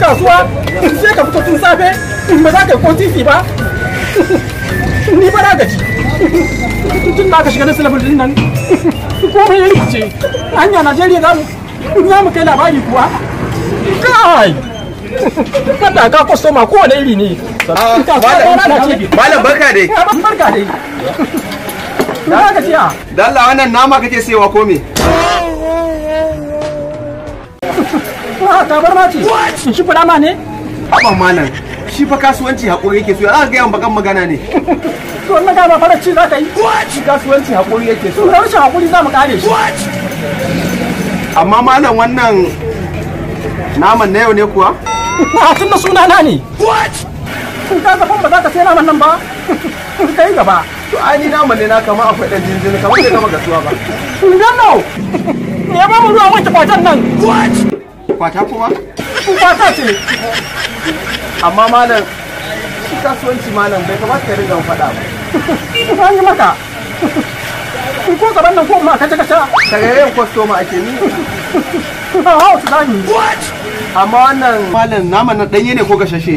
kasuwa sai ka fito tun safe ba za ka ko titi ba ni ba gaji tun na aka shiga na silafin nan kuma ya rikice hanya najeriya za mu za mu kai labari kuwa kai kada ka kwastoma kowane iri ne ah, malam barka dai barka Na ka siya. Da Allah wannan nama kake sayawa ko me? Ah, ta bar mace. In shi fada ma ne? ma malam. Shi fa kasuwanci hakuri yake so. Za ka ga bakan magana ne. To na ga ba fara ci za ka yi. Shi kasuwanci hakuri yake so. Na rashin hakuri za mu kare shi. Amma malam wannan naman na yau ne kuwa? Na ah, tun da suna na ne. What? in ka zafin ba za ka sai naman nan ba kai gaba to ai ni naman ne na kama akwai dan jinjin kamar da kama gasuwa ba Me ya ba mu ruwa wanke kwatan nan kwata kuma kwata ce amma malam shi kasuwanci malam bai kamata ka riga faɗa ba an yi maka ko gaban nan ko ma kace kace daga yayin kwastoma ake ni ha ha su dani amma wannan malam naman na ɗanye ne ko gashashe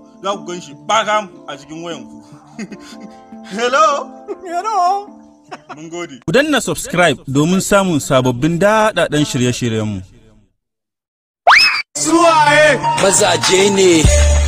za ku gan shi baham a cikin wayanku? ku hello hello mun gode ku danna subscribe domin samun sababbin daɗaɗɗen shirye-shiryenmu suwaye eh. mazaje ne